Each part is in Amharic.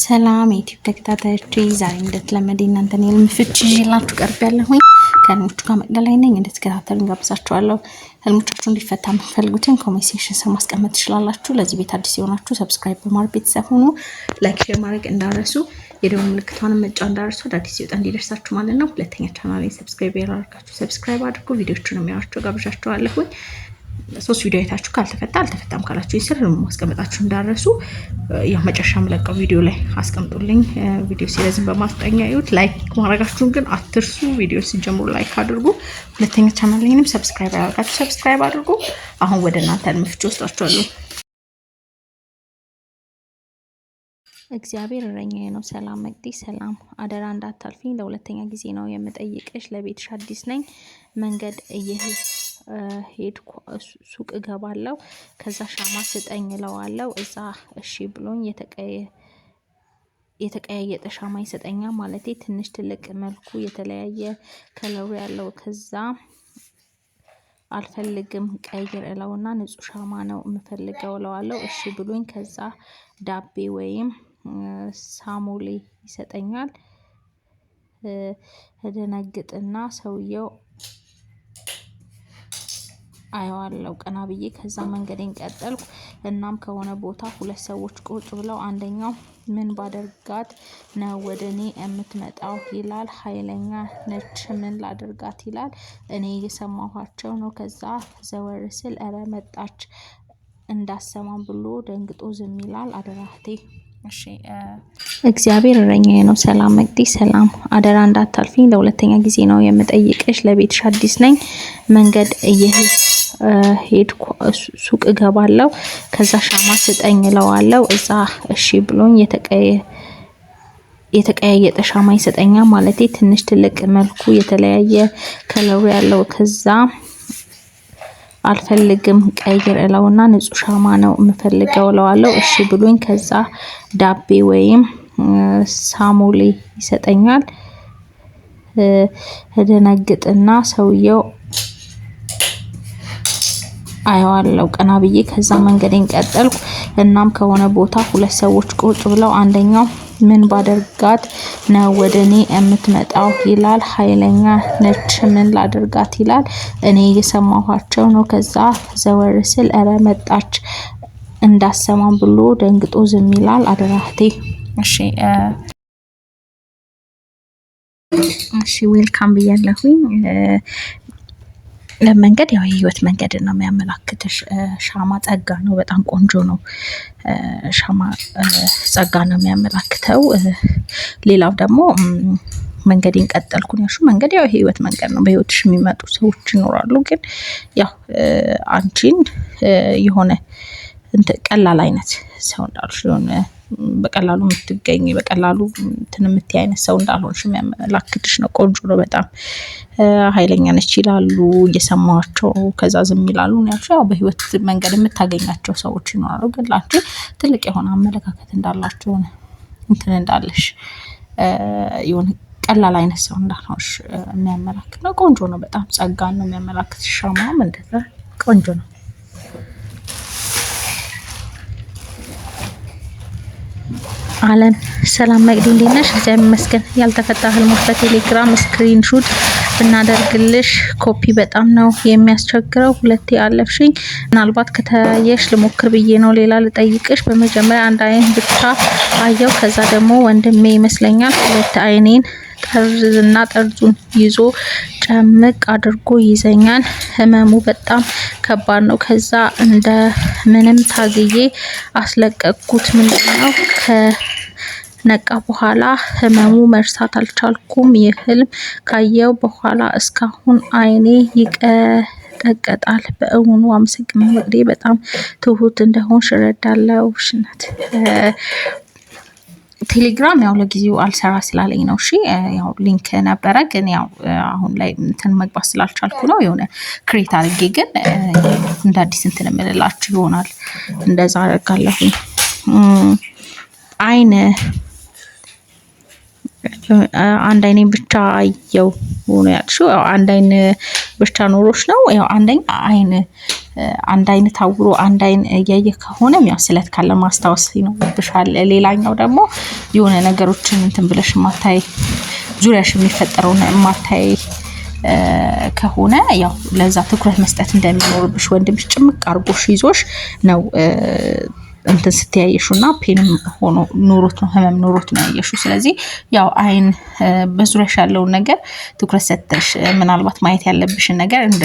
ሰላም የዩቲዩብ ተከታታዮች፣ ዛሬ እንደተለመደ እናንተን የህልም ፍቺ ይዤላችሁ ቀርብ ያለሁኝ ከህልሞቹ ጋር መቅደላይ ነኝ። እንድትከታተሉ ጋብዛችኋለሁ። ህልሞቻችሁ እንዲፈታ የምትፈልጉትን ኮሜንት ሴክሽን ስር ማስቀመጥ ትችላላችሁ። ለዚህ ቤት አዲስ የሆናችሁ ሰብስክራይብ በማድረግ ቤተሰብ ሆኑ። ላይክ፣ ሼር ማድረግ እንዳረሱ፣ የደወል ምልክቷን መጫ እንዳረሱ፣ አዳዲስ ሲወጣ እንዲደርሳችሁ ማለት ነው። ሁለተኛ ቻናል ሰብስክራይብ ያላደረጋችሁ ሰብስክራይብ አድርጉ። ቪዲዮቹን የሚያዋቸው ጋብዣችኋለሁኝ። ሶስት ቪዲዮ አይታችሁ ካልተፈታ አልተፈታም ካላችሁ ስር ማስቀመጣችሁ እንዳረሱ ያ መጨረሻ ምለቀው ቪዲዮ ላይ አስቀምጡልኝ። ቪዲዮ ሲረዝም በማስጠኛ ይሁት ላይክ ማድረጋችሁን ግን አትርሱ። ቪዲዮ ሲጀምሩ ላይክ አድርጉ። ሁለተኛ ቻናልንም ሰብስክራይብ አድርጋችሁ ሰብስክራይብ አድርጉ። አሁን ወደ እናንተ ልምፍች ወስዳችኋለሁ። እግዚአብሔር እረኛዬ ነው፣ ሰላም መቅዲ ሰላም። አደራ እንዳታልፊኝ፣ ለሁለተኛ ጊዜ ነው የምጠይቅሽ። ለቤትሽ አዲስ ነኝ፣ መንገድ እየሄድ ሄድኩ ሱቅ እገባለሁ። ከዛ ሻማ ስጠኝ እለዋለሁ። እዛ እሺ ብሎኝ የተቀያየጠ ሻማ ይሰጠኛል። ማለቴ ትንሽ ትልቅ መልኩ የተለያየ ከለሩ ያለው ከዛ አልፈልግም ቀይር እለውና ንጹህ ሻማ ነው የምፈልገው እለዋለሁ። እሺ ብሎኝ ከዛ ዳቤ ወይም ሳሙሌ ይሰጠኛል። እደነግጥና ሰውየው አየዋለው ቀና ብዬ። ከዛ መንገዴን ቀጠልኩ። እናም ከሆነ ቦታ ሁለት ሰዎች ቁጭ ብለው አንደኛው ምን ባደርጋት ነው ወደ እኔ የምትመጣው ይላል። ኃይለኛ ነች፣ ምን ላደርጋት ይላል። እኔ እየሰማኋቸው ነው። ከዛ ዘወር ስል እረ መጣች እንዳሰማም ብሎ ደንግጦ ዝም ይላል። አደራህቴ እግዚአብሔር እረኛዬ ነው። ሰላም መቅዲ፣ ሰላም አደራ እንዳታልፊኝ። ለሁለተኛ ጊዜ ነው የምጠይቅሽ። ለቤትሽ አዲስ ነኝ። መንገድ እየሄድ ሄድኩ ሱቅ እገባለሁ። ከዛ ሻማ ስጠኝ እለዋለሁ። እዛ እሺ ብሎኝ የተቀያየጠ ሻማ ይሰጠኛ ማለት ትንሽ ትልቅ መልኩ የተለያየ ከለሩ ያለው ከዛ አልፈልግም ቀይር እለውና ንጹህ ሻማ ነው የምፈልገው እለዋለሁ። እሺ ብሎኝ ከዛ ዳቤ ወይም ሳሙሌ ይሰጠኛል። እደነግጥና ሰውየው አየዋለሁ ቀና ብዬ። ከዛ መንገዴን ቀጠልኩ። እናም ከሆነ ቦታ ሁለት ሰዎች ቁጭ ብለው አንደኛው ምን ባደርጋት ነው ወደ እኔ የምትመጣው ይላል። ኃይለኛ ነች፣ ምን ላደርጋት ይላል። እኔ እየሰማኋቸው ነው። ከዛ ዘወር ስል እረ መጣች እንዳሰማም ብሎ ደንግጦ ዝም ይላል። አደራህቴ እሺ እሺ ዌልካም ብያለሁኝ። መንገድ ያው የህይወት መንገድ ነው የሚያመላክት ሻማ ጸጋ ነው የሚያመላክተው። ሌላው ደግሞ መንገዴን ቀጠልኩን ያሹ መንገድ ያው የህይወት መንገድ ነው። በህይወትሽ የሚመጡ ሰዎች ይኖራሉ፣ ግን ያው አንቺን የሆነ ቀላል አይነት ሰው እንዳሉ በቀላሉ የምትገኝ በቀላሉ እንትን የምትይ አይነት ሰው እንዳልሆንሽ የሚያመላክትሽ ነው። ቆንጆ ነው በጣም ኃይለኛ ነች ይላሉ እየሰማቸው፣ ከዛ ዝም ይላሉ ያልሽው። ያው በህይወት መንገድ የምታገኛቸው ሰዎች ይኖራሉ፣ ግን ላንቺ ትልቅ የሆነ አመለካከት እንዳላቸው እንትን እንዳለሽ የሆነ ቀላል አይነት ሰው እንዳልሆንሽ የሚያመላክት ነው። ቆንጆ ነው በጣም ጸጋን ነው የሚያመላክት። ሻማም እንደዛ ቆንጆ ነው። አለን ሰላም መቅዲ እንዴት ነሽ? እግዚአብሔር ይመስገን። ያልተፈታ ህልሞች በቴሌግራም ስክሪን ሹት ብናደርግልሽ ኮፒ በጣም ነው የሚያስቸግረው። ሁለቴ አለፍሽኝ። ምናልባት ከተያየሽ ልሞክር ብዬ ነው። ሌላ ልጠይቅሽ። በመጀመሪያ አንድ አይን ብቻ አየው። ከዛ ደግሞ ወንድሜ ይመስለኛል ሁለት አይኔን ጠርዝና ጠርዙን ይዞ ጨምቅ አድርጎ ይዘኛል። ህመሙ በጣም ከባድ ነው። ከዛ እንደ ምንም ታዝዬ አስለቀቅኩት። ምንድን ነው ከነቃ በኋላ ህመሙ መርሳት አልቻልኩም። ይህ ህልም ካየው በኋላ እስካሁን አይኔ ይቀ ይቀጠቀጣል። በእውኑ አመሰግናለሁ። እንግዲህ በጣም ትሁት እንደሆንሽ እረዳለሁ። ውሽነት ቴሌግራም ያው ለጊዜው አልሰራ ስላለኝ ነው። እሺ ያው ሊንክ ነበረ፣ ግን ያው አሁን ላይ እንትን መግባት ስላልቻልኩ ነው። የሆነ ክሬት አድርጌ ግን እንደ አዲስ እንትን የምልላችሁ ይሆናል። እንደዛ አደርጋለሁ። አይን አንድ አይኔ ብቻ አየው ነው ያልሽው። አንድ አይን ብቻ ኖሮች ነው ያው አንደኛ አይን አንድ አይን ታውሮ አንድ አይን እያየ ከሆነ ያው ስለት ካለ ማስታወስ ይኖርብሻል። ሌላኛው ደግሞ የሆነ ነገሮችን እንትን ብለሽ ማታይ ዙሪያሽ የሚፈጠረውን ማታይ ከሆነ ያው ለዛ ትኩረት መስጠት እንደሚኖርብሽ ወንድምሽ ጭምቅ አርጎሽ ይዞሽ ነው እንትን ስትያየሹ እና ፔንም ሆኖ ኑሮት ነው ህመም ኑሮት ነው ያየሹ። ስለዚህ ያው አይን በዙሪያሽ ያለውን ነገር ትኩረት ሰተሽ ምናልባት ማየት ያለብሽን ነገር እንደ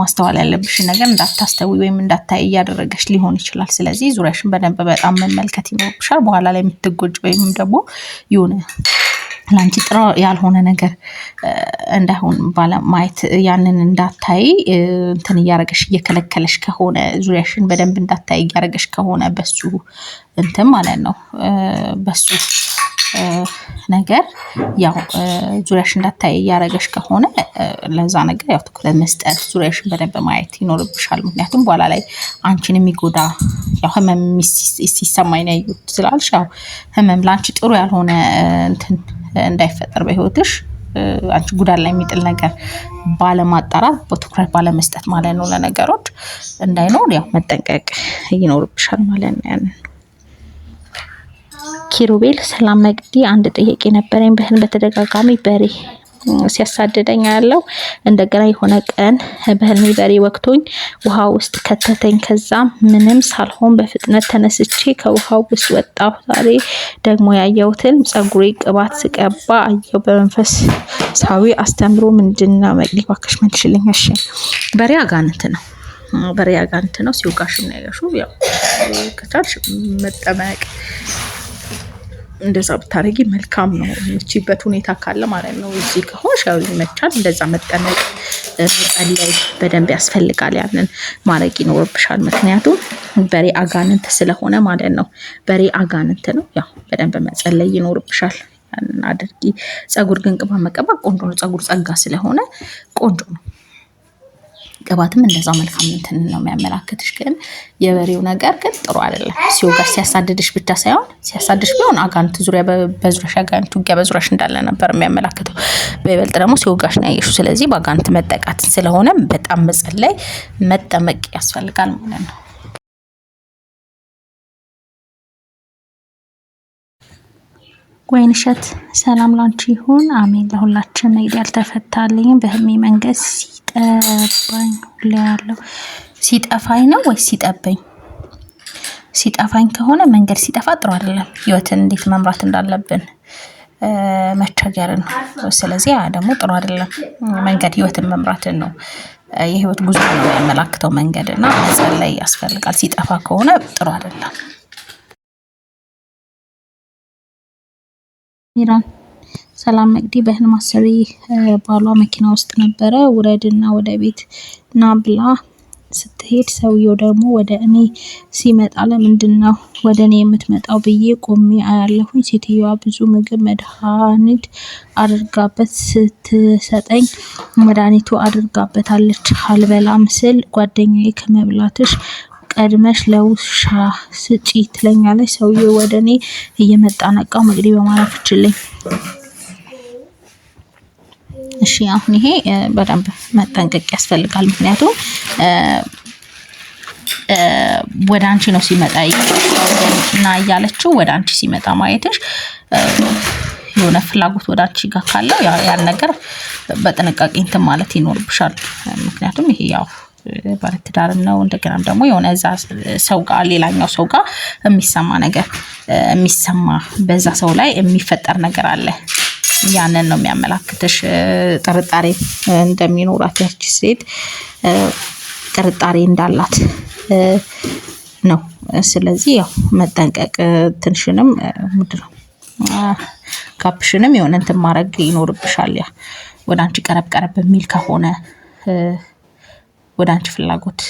ማስተዋል ያለብሽን ነገር እንዳታስተዊ ወይም እንዳታይ እያደረገች ሊሆን ይችላል። ስለዚህ ዙሪያሽን በደንብ በጣም መመልከት ይኖርብሻል። በኋላ ላይ የምትጎጅ ወይም ደግሞ ይሁን ለአንቺ ጥሩ ያልሆነ ነገር እንዳይሆን ባለማየት ያንን እንዳታይ እንትን እያረገሽ እየከለከለሽ ከሆነ ዙሪያሽን በደንብ እንዳታይ እያረገሽ ከሆነ በሱ እንትን ማለት ነው በሱ ነገር ያው ዙሪያሽ እንዳታይ እያረገሽ ከሆነ ለዛ ነገር ያው ትኩረት መስጠት ዙሪያሽን በደንብ ማየት ይኖርብሻል። ምክንያቱም በኋላ ላይ አንቺን የሚጎዳ ያው ህመም ሲሰማኝ ነው ስላልሽ ያው ህመም ለአንቺ ጥሩ ያልሆነ እንትን እንዳይፈጠር በህይወትሽ አንቺ ጉዳት ላይ የሚጥል ነገር ባለማጣራት በትኩረት ባለመስጠት ማለት ነው ለነገሮች እንዳይኖር ያው መጠንቀቅ ይኖርብሻል ማለት ነው። ያንን ኪሩቤል ሰላም መቅዲ፣ አንድ ጥያቄ ነበረኝ። በህን በተደጋጋሚ በሬ ሲያሳድደኝ ያለው እንደገና የሆነ ቀን በህልሜ በሬ ወቅቶኝ ውሃ ውስጥ ከተተኝ። ከዛ ምንም ሳልሆን በፍጥነት ተነስቼ ከውሃው ውስጥ ወጣሁ። ዛሬ ደግሞ ያየሁትን ጸጉሬ ቅባት ስቀባ አየው። በመንፈስ ሳዊ አስተምሮ ምንድን ነው ሊባክሽ ምን ትችልኛሽ? በሬ አጋንንት ነው በሬ አጋንንት ነው። ሲወጋሽ የሚያገሹ ያው ከቻልሽ መጠመቅ እንደዛ ብታደረጊ መልካም ነው። ምችበት ሁኔታ ካለ ማለት ነው። እዚህ ከሆንሽ ያው ይመቻል። እንደዛ መጠመቅ መጸለይ በደንብ ያስፈልጋል። ያንን ማድረግ ይኖርብሻል። ምክንያቱም በሬ አጋንንት ስለሆነ ማለት ነው። በሬ አጋንንት ነው። ያው በደንብ መጸለይ ይኖርብሻል። ያንን አድርጊ። ጸጉር ግን ቅባት መቀባ ቆንጆ ነው። ጸጉር ጸጋ ስለሆነ ቆንጆ ነው። ቅባትም እንደዛው መልካም እንትን ነው የሚያመላክትሽ። ግን የበሬው ነገር ግን ጥሩ አይደለም። ጋር ሲያሳድድሽ ብቻ ሳይሆን ሲያሳድድሽ ቢሆን አጋንንት ዙሪያ በዙሪያሽ አጋንንት ውጊያ በዙሪያሽ እንዳለ ነበር የሚያመላክተው። በይበልጥ ደግሞ ሲው ሲወጋሽ ነው ያየሽው። ስለዚህ በአጋንንት መጠቃት ስለሆነ በጣም መጸለይ መጠመቅ ያስፈልጋል ማለት ነው። ወይን እሸት ሰላም ላንቺ ይሁን፣ አሜን። ለሁላችን መሄድ ያልተፈታልኝ በህልሜ መንገድ ሲጠባኝ ሁላ ያለው ሲጠፋኝ ነው ወይስ ሲጠበኝ? ሲጠፋኝ ከሆነ መንገድ ሲጠፋ ጥሩ አይደለም። ህይወትን እንዴት መምራት እንዳለብን መቸገርን ነው። ስለዚህ ደግሞ ጥሩ አይደለም። መንገድ ህይወትን መምራትን ነው የህይወት ጉዞ ነው የሚያመላክተው መንገድ እና መጸለይ ያስፈልጋል። ሲጠፋ ከሆነ ጥሩ አይደለም። ሰላም መቅዲ በህልም አስሪ ባሏ መኪና ውስጥ ነበረ ውረድና ወደ ቤት ና ብላ ስትሄድ ሰውየው ደግሞ ወደ እኔ ሲመጣ ለምንድን ነው ወደ እኔ የምትመጣው ብዬ ቆሜ አያለሁኝ። ሴትዮዋ ብዙ ምግብ መድኃኒት አድርጋበት ስትሰጠኝ መድኃኒቱ አድርጋበታለች አልበላም ስል ጓደኛዬ ከመብላትሽ ቀድመሽ ለውሻ ስጪ ትለኛለች። ሰውዬው ወደ እኔ እየመጣ ነቃው። እንግዲህ በማራፍ ችልኝ። እሺ አሁን ይሄ በደንብ መጠንቀቅ ያስፈልጋል። ምክንያቱም ወደ አንቺ ነው ሲመጣ እና እያለችው ወደ አንቺ ሲመጣ ማየትሽ የሆነ ፍላጎት ወደ አንቺ ጋር ካለው ያን ነገር በጥንቃቄ እንትን ማለት ይኖርብሻል። ምክንያቱም ይሄ ያው ባለትዳር ነው። እንደገናም ደግሞ የሆነ እዛ ሰው ጋር ሌላኛው ሰው ጋር የሚሰማ ነገር የሚሰማ በዛ ሰው ላይ የሚፈጠር ነገር አለ። ያንን ነው የሚያመላክትሽ። ጥርጣሬ እንደሚኖራት ያቺ ሴት ጥርጣሬ እንዳላት ነው። ስለዚህ ያው መጠንቀቅ ትንሽንም ምንድን ነው ጋፕሽንም የሆነ እንትን ማድረግ ይኖርብሻል። ያ ወደ አንቺ ቀረብ ቀረብ የሚል ከሆነ ወደ አንቺ ፍላጎት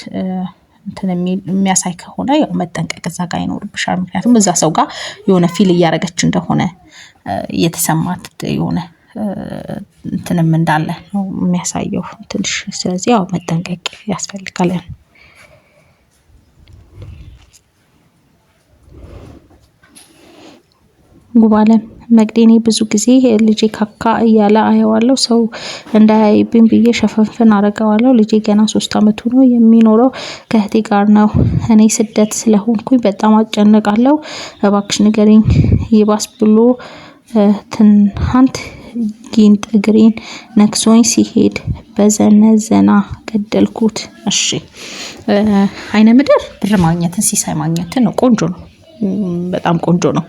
እንትን የሚያሳይ ከሆነ ያው መጠንቀቅ እዛ ጋር ይኖርብሻል። ምክንያቱም እዛ ሰው ጋር የሆነ ፊል እያደረገች እንደሆነ እየተሰማት የሆነ እንትንም እንዳለ ነው የሚያሳየው ትንሽ። ስለዚህ ያው መጠንቀቅ ያስፈልጋል። ውብ አለም ብዙ ጊዜ ልጄ ካካ እያለ አየዋለው ሰው እንዳያይብኝ ብዬ ሸፈንፍን አረገዋለው። ልጄ ገና ሶስት አመቱ ነው። የሚኖረው ከእህቴ ጋር ነው። እኔ ስደት ስለሆንኩኝ በጣም አጨነቃለሁ። እባክሽ ንገሪኝ። ይባስ ብሎ ትናንት ጊንጥ እግሬን ነክሶኝ ሲሄድ በዘነዘና ገደልኩት። እሺ አይነ ምድር ብር ማግኘትን ሲሳይ ማግኘትን ነው። ቆንጆ ነው። በጣም ቆንጆ ነው።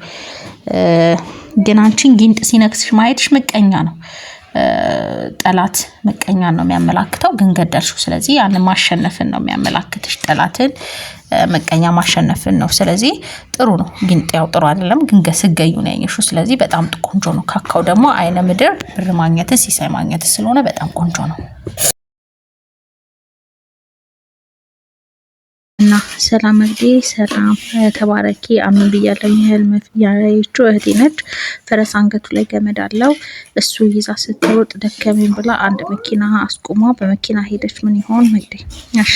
ግን አንቺን ጊንጥ ሲነክስሽ ማየትሽ ምቀኛ ነው። ጠላት ምቀኛን ነው የሚያመላክተው፣ ግን ገደልሽው። ስለዚህ ያን ማሸነፍን ነው የሚያመላክትሽ። ጠላትን ምቀኛ ማሸነፍን ነው። ስለዚህ ጥሩ ነው። ጊንጥ ያው ጥሩ አይደለም፣ ግን ገስገዩ ነው ያኘሽው። ስለዚህ በጣም ቆንጆ ነው። ካካው ደግሞ አይነ ምድር ብር ማግኘትን ሲሳይ ማግኘትን ስለሆነ በጣም ቆንጆ ነው። ሰላም መግዴ ሰላም ተባረኪ አሚን ብያለሁ። ይህል መፍያቹ እህቴ ነች። ፈረስ አንገቱ ላይ ገመድ አለው። እሱ ይዛ ስትሮጥ ደከመኝ ብላ አንድ መኪና አስቁማ በመኪና ሄደች። ምን ይሆን መግዴ? እሺ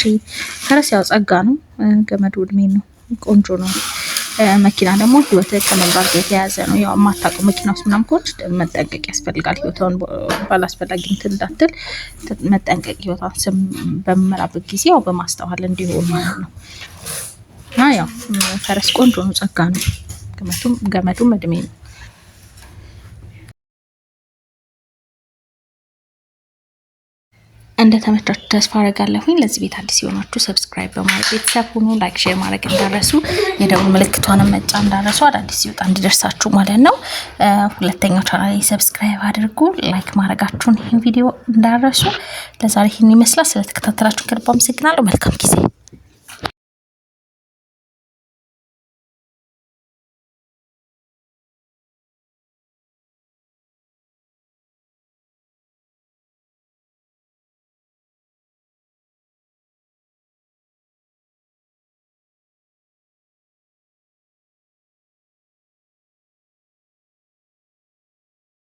ፈረስ ያው ጸጋ ነው። ገመዱ እድሜ ነው። ቆንጆ ነው። መኪና ደግሞ ህይወት ከመንባት ጋር የተያዘ ነው። ያው የማታውቀው መኪና ውስጥ ምናምን ከሆነች መጠንቀቅ ያስፈልጋል። ህይወቷን ባላስፈላጊ እንትን እንዳትል መጠንቀቅ፣ ህይወቷን ስም በምመራበት ጊዜ ያው በማስተዋል እንዲሆን ማለት ነው። እና ያው ፈረስ ቆንጆ ነው፣ ጸጋ ነው። ገመቱም ገመቱም እድሜ ነው። እንደ ተመቻችሁ ተስፋ አደርጋለሁኝ። ለዚህ ቤት አዲስ የሆናችሁ ሰብስክራይብ በማድረግ ቤተሰብ ሁኑ። ላይክ፣ ሼር ማድረግ እንዳረሱ የደቡብ ምልክቷንም መጫ እንዳረሱ አዳዲስ ሲወጣ እንዲደርሳችሁ ማለት ነው። ሁለተኛው ቻናል ሰብስክራይብ አድርጉ። ላይክ ማድረጋችሁን ይህን ቪዲዮ እንዳረሱ። ለዛሬ ይህን ይመስላል። ስለተከታተላችሁ ከልብ አመሰግናለሁ። መልካም ጊዜ